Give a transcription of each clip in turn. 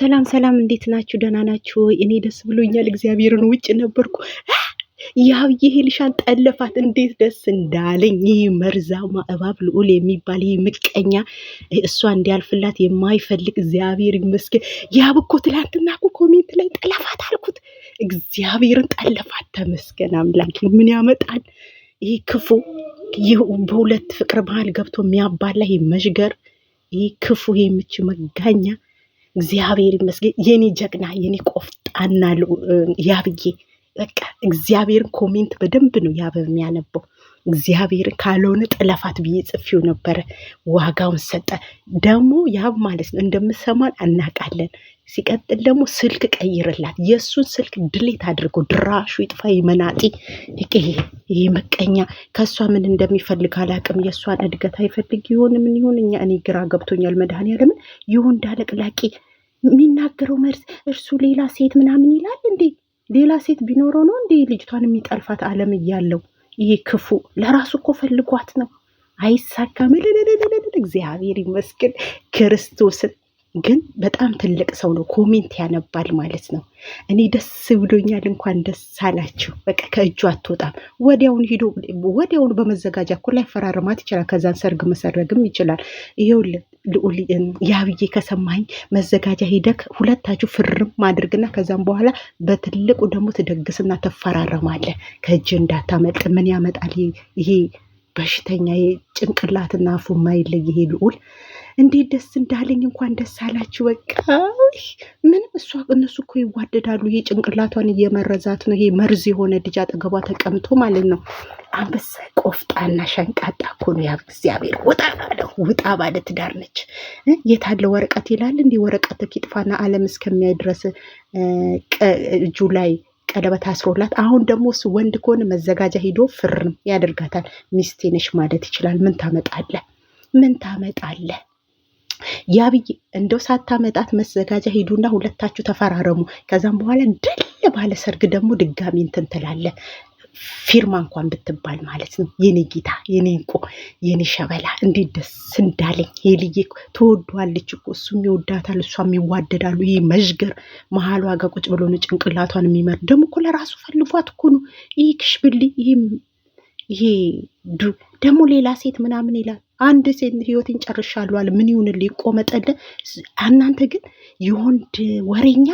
ሰላም ሰላም፣ እንዴት ናችሁ? ደህና ናችሁ? እኔ ደስ ብሎኛል፣ እግዚአብሔርን ውጭ ነበርኩ። ያው ይሄ ልሻን ጠለፋት፣ እንዴት ደስ እንዳለኝ! ይህ መርዛማ እባብ ልዑል የሚባል ይህ ምቀኛ እሷ እንዲያልፍላት የማይፈልግ እግዚአብሔር ይመስገን። ያብ እኮ ትላንትና እኮ ኮሜንት ላይ ጠለፋት አልኩት፣ እግዚአብሔርን ጠለፋት። ተመስገን አምላክ። ምን ያመጣል ይህ ክፉ በሁለት ፍቅር መሀል ገብቶ የሚያባላ ይህ መሽገር፣ ይህ ክፉ፣ ይህ ምች መጋኛ እግዚአብሔር ይመስገን የኔ ጀግና የኔ ቆፍጣና ያብዬ በቃ እግዚአብሔርን ኮሜንት በደንብ ነው ያበብ የሚያነበው። እግዚአብሔርን ካልሆነ ጥለፋት ብዬ ጽፌው ነበረ። ዋጋውን ሰጠ ደግሞ ያብ ማለት ነው። እንደምሰማን እናውቃለን። ሲቀጥል ደግሞ ስልክ ቀይርላት። የእሱን ስልክ ድሌት አድርገው ድራሹ ይጥፋ። መናጢ ይሄ መቀኛ ከእሷ ምን እንደሚፈልግ አላቅም። የእሷን እድገት አይፈልግ ይሆን ምን ይሆን? እኛ እኔ ግራ ገብቶኛል። መድኃኒዓለምን ይሁን እንዳለቅላቂ የሚናገረው መርስ እርሱ ሌላ ሴት ምናምን ይላል እንዴ? ሌላ ሴት ቢኖረው ነው እንዴ ልጅቷን የሚጠልፋት አለም እያለው ይሄ ክፉ ለራሱ እኮ ፈልጓት ነው አይሳካም። እግዚአብሔር ይመስገን ክርስቶስን። ግን በጣም ትልቅ ሰው ነው፣ ኮሜንት ያነባል ማለት ነው። እኔ ደስ ብሎኛል፣ እንኳን ደስ አላችሁ። በቃ ከእጁ አትወጣም። ወዲያውን ሄዶ ወዲያውን በመዘጋጃ እኮ ላይ ፈራረማት ይችላል። ከዛን ሰርግ መሰረግም ይችላል። ይሄውልን ልዑል ያብዬ ከሰማኝ መዘጋጃ ሂደክ ሁለታችሁ ፍርም ማድርግና ከዛም በኋላ በትልቁ ደግሞ ትደግስና ትፈራረማለ። ከእጅ እንዳታመልጥ። ምን ያመጣል ይሄ በሽተኛ ጭንቅላትና አፉ ማይለይ ይሄ ልዑል እንዴት ደስ እንዳለኝ እንኳን ደስ አላችሁ። በቃ ምንም እሷ እነሱ እኮ ይዋደዳሉ። ይሄ ጭንቅላቷን እየመረዛት ነው። ይሄ መርዝ የሆነ ልጅ አጠገቧ ተቀምጦ ማለት ነው። አንበሳ ቆፍጣና ሸንቃጣ እኮ ነው ያ እግዚአብሔር። ውጣ ባለ ውጣ ባለ ትዳር ነች። የታለ ወረቀት ይላል እንዲህ ወረቀት ኪጥፋና አለም እስከሚያይ ድረስ ላይ ቀለበት አስሮላት፣ አሁን ደግሞ እሱ ወንድ ከሆነ መዘጋጃ ሂዶ ፍርም ያደርጋታል። ሚስቴ ነሽ ማለት ይችላል። ምን ታመጣለ? ምን ታመጣለ? ያብይ እንደው ሳታመጣት መዘጋጃ ሂዱና ሁለታችሁ ተፈራረሙ። ከዛም በኋላ ድል ባለ ሰርግ ደግሞ ድጋሚ እንትን ፊርማ እንኳን ብትባል ማለት ነው። የኔ ጌታ፣ የኔ እንቁ፣ የኔ ሸበላ እንዴት ደስ እንዳለኝ! ሄልዬ ትወዷለች እኮ እሱም ይወዳታል፣ እሷም ይዋደዳሉ። ይህ መዥገር መሀሉ ጋር ቁጭ ብሎ ነው ጭንቅላቷን የሚመር ደግሞ እኮ ለራሱ ፈልጓት እኮ ነው ይህ ክሽብልኝ ይህ ይሄ ዱ ደግሞ ሌላ ሴት ምናምን ይላል። አንድ ሴት ህይወትን ጨርሻለሁ ምን ይሁንልህ? ይቆመጠለ እናንተ ግን የወንድ ወሬኛ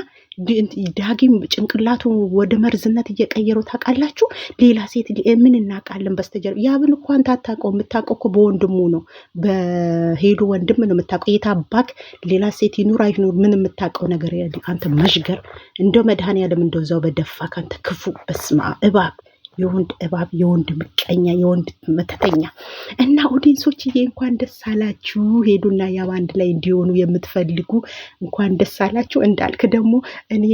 ዳጊም ጭንቅላቱ ወደ መርዝነት እየቀየረው ታውቃላችሁ። ሌላ ሴት ምን እናውቃለን? በስተጀርባ ያብን እኮ አንተ አታውቀው። የምታውቀው እኮ በወንድሙ ነው፣ በሄዱ ወንድም ነው የምታውቀው። የታባክ ሌላ ሴት ይኑር አይኑር ምን የምታውቀው ነገር አንተ መዥገር፣ እንደው መድኃኔዓለም እንደው እዛው በደፋ ካንተ ክፉ በስማ እባክ የወንድ እባብ፣ የወንድ ምቀኛ፣ የወንድ መተተኛ እና ኦዲንሶችዬ እንኳን ደስ አላችሁ። ሄዱና ያ አንድ ላይ እንዲሆኑ የምትፈልጉ እንኳን ደስ አላችሁ። እንዳልክ ደግሞ እኔ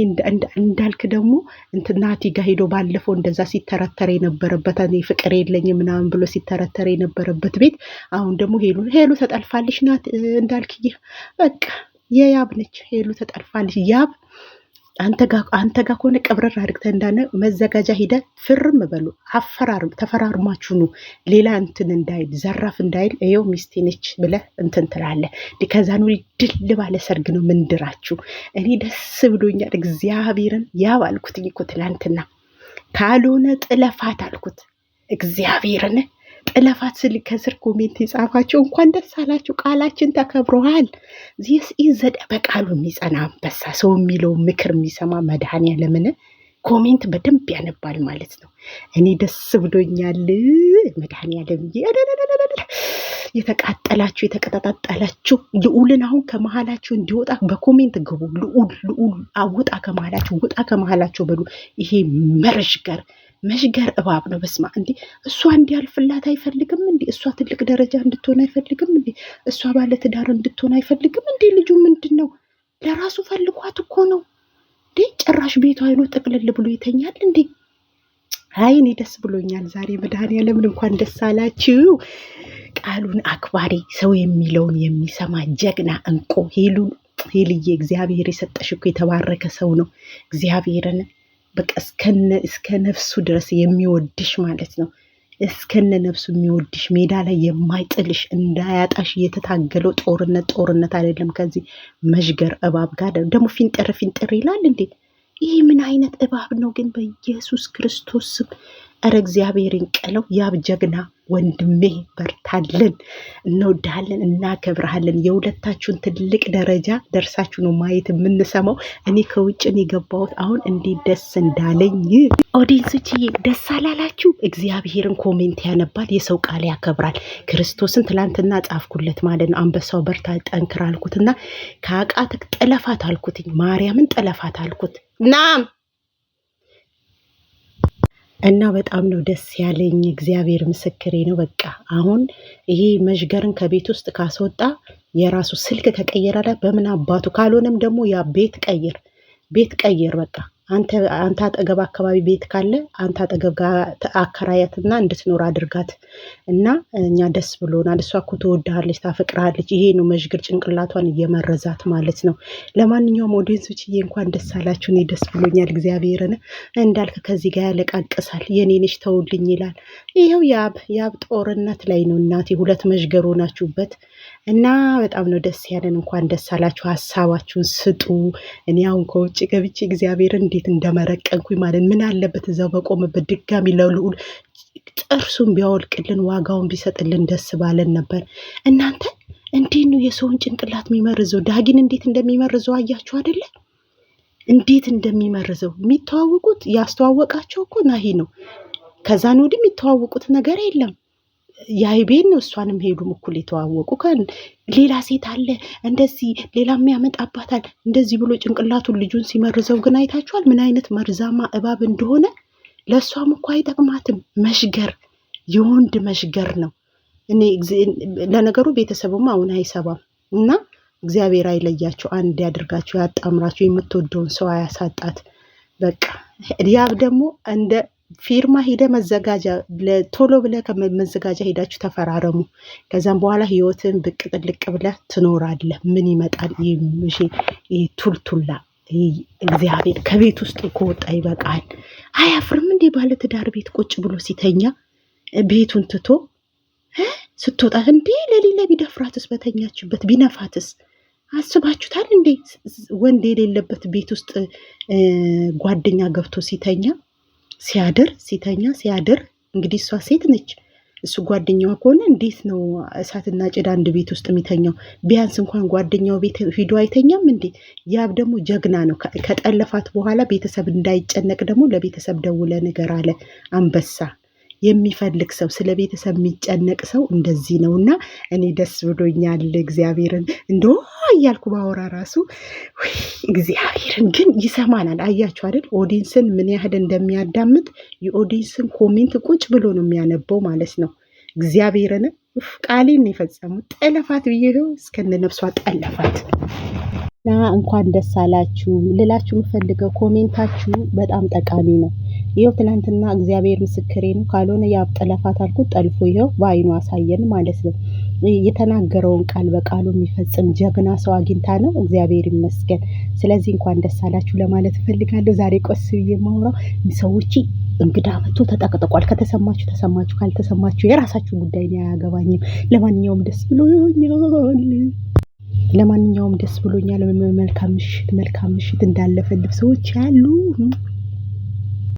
እንዳልክ ደግሞ እንትናቲ ጋ ሄዶ ባለፈው እንደዛ ሲተረተረ የነበረበት እኔ ፍቅር የለኝም ምናምን ብሎ ሲተረተረ የነበረበት ቤት አሁን ደግሞ ሄሉ ሄሉ ተጠልፋልሽ ናት እንዳልክዬ በቃ የያብ ነች ሄሉ ተጠልፋልሽ ያብ አንተ ጋር ከሆነ ቀብረር አድርግተህ እንዳነ መዘጋጃ ሂደ ፍርም በሉ ተፈራርማችሁ ኑ። ሌላ እንትን እንዳይል ዘራፍ እንዳይል ይኸው ሚስቴ ነች ብለህ እንትን ትላለህ። ከዛን ድል ባለ ሰርግ ነው ምንድራችሁ። እኔ ደስ ብሎኛል እግዚአብሔርን ያብ አልኩት እኮ ትላንትና ካልሆነ ጥለፋት አልኩት እግዚአብሔርን ጥለፋት ስል ከስር ኮሜንት የጻፋቸው እንኳን ደስ አላችሁ፣ ቃላችን ተከብረዋል። ዚስ ኢዘደ በቃሉ የሚጸና አንበሳ ሰው የሚለው ምክር የሚሰማ መድኃኔዓለምን ኮሜንት በደንብ ያነባል ማለት ነው። እኔ ደስ ብሎኛል መድኃኔዓለም። የተቃጠላችሁ የተቀጣጣጠላችሁ ልዑልን አሁን ከመሀላችሁ እንዲወጣ በኮሜንት ግቡ። ልዑል ልዑል አውጣ ከመሀላችሁ ውጣ ከመሀላችሁ በሉ። ይሄ መረሽ ጋር መሽገር እባብ ነው። በስማ እንዲ እሷ እንዲያልፍላት አይፈልግም እንዲ እሷ ትልቅ ደረጃ እንድትሆን አይፈልግም እንዲ እሷ ባለ ትዳር እንድትሆን አይፈልግም እንዲ ልጁ ምንድን ነው ለራሱ ፈልጓት እኮ ነው እንዴ ጭራሽ ቤቷ አይኖ ጠቅልል ብሎ ይተኛል እንዴ? አይ እኔ ደስ ብሎኛል ዛሬ መድኃኒዓለምን እንኳን ደስ አላችሁ። ቃሉን አክባሪ ሰው የሚለውን የሚሰማ ጀግና እንቁ ሄሉ ሄልዬ እግዚአብሔር የሰጠሽ እኮ የተባረከ ሰው ነው እግዚአብሔርን በቃ እስከ ነፍሱ ድረስ የሚወድሽ ማለት ነው። እስከነ ነፍሱ የሚወድሽ ሜዳ ላይ የማይጥልሽ እንዳያጣሽ የተታገለው ጦርነት ጦርነት አይደለም። ከዚህ መዥገር እባብ ጋር ደግሞ ፊንጥር ፊንጥር ይላል እንዴ! ይህ ምን አይነት እባብ ነው ግን? በኢየሱስ ክርስቶስ ስም እረ እግዚአብሔር ቀለው ያብ ጀግና ወንድሜ በርታለን፣ እንወድሃለን፣ እናከብረሃለን። የሁለታችሁን ትልቅ ደረጃ ደርሳችሁ ነው ማየት የምንሰማው። እኔ ከውጭ ነው የገባሁት። አሁን እንዴት ደስ እንዳለኝ ኦዲንስችዬ፣ ደስ አላላችሁ? እግዚአብሔርን ኮሜንት ያነባል፣ የሰው ቃል ያከብራል። ክርስቶስን ትላንትና ጻፍኩለት ማለት ነው። አንበሳው በርታ ጠንክር አልኩትና ከአቃትክ ጠለፋት አልኩትኝ፣ ማርያምን ጥለፋት አልኩት ናም እና በጣም ነው ደስ ያለኝ። እግዚአብሔር ምስክሬ ነው። በቃ አሁን ይሄ መዥገርን ከቤት ውስጥ ካስወጣ የራሱ ስልክ ከቀየራለ በምን አባቱ ካልሆነም ደግሞ ያ ቤት ቀይር ቤት ቀይር በቃ አንተ አጠገብ አካባቢ ቤት ካለ አንተ አጠገብ ጋር አከራያትና እንድትኖር አድርጋት እና እኛ ደስ ብሎናል። እሷ እኮ ትወድሃለች፣ ታፈቅርሃለች። ይሄ ነው መዥግር ጭንቅላቷን እየመረዛት ማለት ነው። ለማንኛውም ኦዲየንሶችዬ እንኳን ደስ አላችሁ። እኔ ደስ ብሎኛል። እግዚአብሔርን እንዳልክ ከዚህ ጋር ያለቃቅሳል። የኔንሽ ተውልኝ ይላል። ይኸው ያብ ያብ ጦርነት ላይ ነው እናቴ። ሁለት መዥገር ሆናችሁበት እና በጣም ነው ደስ ያለን። እንኳን ደስ አላችሁ። ሀሳባችሁን ስጡ። እኔ አሁን ከውጭ ገብቼ እግዚአብሔርን እንዴት እንደመረቀንኩኝ ማለት ምን አለበት እዛው በቆምበት ድጋሚ ለልዑል ጨርሱን ቢያወልቅልን ዋጋውን ቢሰጥልን ደስ ባለን ነበር። እናንተ እንዴት ነው የሰውን ጭንቅላት የሚመርዘው? ዳጊን እንዴት እንደሚመርዘው አያችሁ አይደለ? እንዴት እንደሚመርዘው የሚተዋወቁት ያስተዋወቃቸው እኮ ናሂ ነው። ከዛን ወዲህ የሚተዋወቁት ነገር የለም። የአይቤን ነው እሷንም ሄዱም እኩል የተዋወቁ ከን ሌላ ሴት አለ እንደዚህ ሌላ የሚያመጣባታል እንደዚህ ብሎ ጭንቅላቱን ልጁን ሲመርዘው ግን አይታችኋል? ምን አይነት መርዛማ እባብ እንደሆነ። ለእሷም እኮ አይጠቅማትም። መሽገር የወንድ መሽገር ነው። እኔ ለነገሩ ቤተሰቡም አሁን አይሰባም እና እግዚአብሔር አይለያቸው፣ አንድ ያድርጋቸው፣ ያጣምራቸው። የምትወደውን ሰው አያሳጣት። በቃ ያብ ደግሞ እንደ ፊርማ ሄደ መዘጋጃ ቶሎ ብለ መዘጋጃ ሄዳችሁ ተፈራረሙ። ከዛም በኋላ ህይወትን ብቅ ጥልቅ ብለ ትኖራለ። ምን ይመጣል? ቱልቱላ እግዚአብሔር ከቤት ውስጥ ከወጣ ይበቃል። አያፍርም እንዴ? ባለትዳር ቤት ቁጭ ብሎ ሲተኛ ቤቱን ትቶ ስትወጣ እንዴ ለሌለ ቢደፍራትስ? በተኛችበት ቢነፋትስ? አስባችሁታል እንዴ? ወንድ የሌለበት ቤት ውስጥ ጓደኛ ገብቶ ሲተኛ ሲያድር ሲተኛ ሲያድር እንግዲህ እሷ ሴት ነች፣ እሱ ጓደኛዋ ከሆነ እንዴት ነው እሳትና ጭድ አንድ ቤት ውስጥ የሚተኛው? ቢያንስ እንኳን ጓደኛው ቤት ሂዶ አይተኛም እንዴ? ያብ ደግሞ ጀግና ነው። ከጠለፋት በኋላ ቤተሰብ እንዳይጨነቅ ደግሞ ለቤተሰብ ደውለ ነገር አለ አንበሳ የሚፈልግ ሰው ስለ ቤተሰብ የሚጨነቅ ሰው እንደዚህ ነው እና እኔ ደስ ብሎኛል። እግዚአብሔርን እንደ እያልኩ ባወራ ራሱ እግዚአብሔርን ግን ይሰማናል። አያችሁ አይደል ኦዲንስን ምን ያህል እንደሚያዳምጥ የኦዲንስን ኮሜንት ቁጭ ብሎ ነው የሚያነበው ማለት ነው። እግዚአብሔርን ቃሌን የፈጸሙ ጠለፋት ብዬ እስከነ ነፍሷ ጠለፋት። እና እንኳን ደስ አላችሁ ልላችሁ የምፈልገው ኮሜንታችሁ በጣም ጠቃሚ ነው። ይኸው ትናንትና እግዚአብሔር ምስክሬ ነው። ካልሆነ ያ ጠለፋት አልኩት ጠልፎ ይኸው በአይኑ አሳየን ማለት ነው። የተናገረውን ቃል በቃሉ የሚፈጽም ጀግና ሰው አግኝታ ነው። እግዚአብሔር ይመስገን። ስለዚህ እንኳን ደስ አላችሁ ለማለት እፈልጋለሁ። ዛሬ ቆስ ብዬ የማወራው ሰዎች እንግዳ መቶ ተጠቅጥቋል። ከተሰማችሁ ተሰማችሁ፣ ካልተሰማችሁ የራሳችሁ ጉዳይ ነው፣ አያገባኝም። ለማንኛውም ደስ ብሎኛል። ለማንኛውም ደስ ብሎኛል። መልካም ምሽት መልካም ምሽት እንዳለፈልብ ሰዎች ያሉ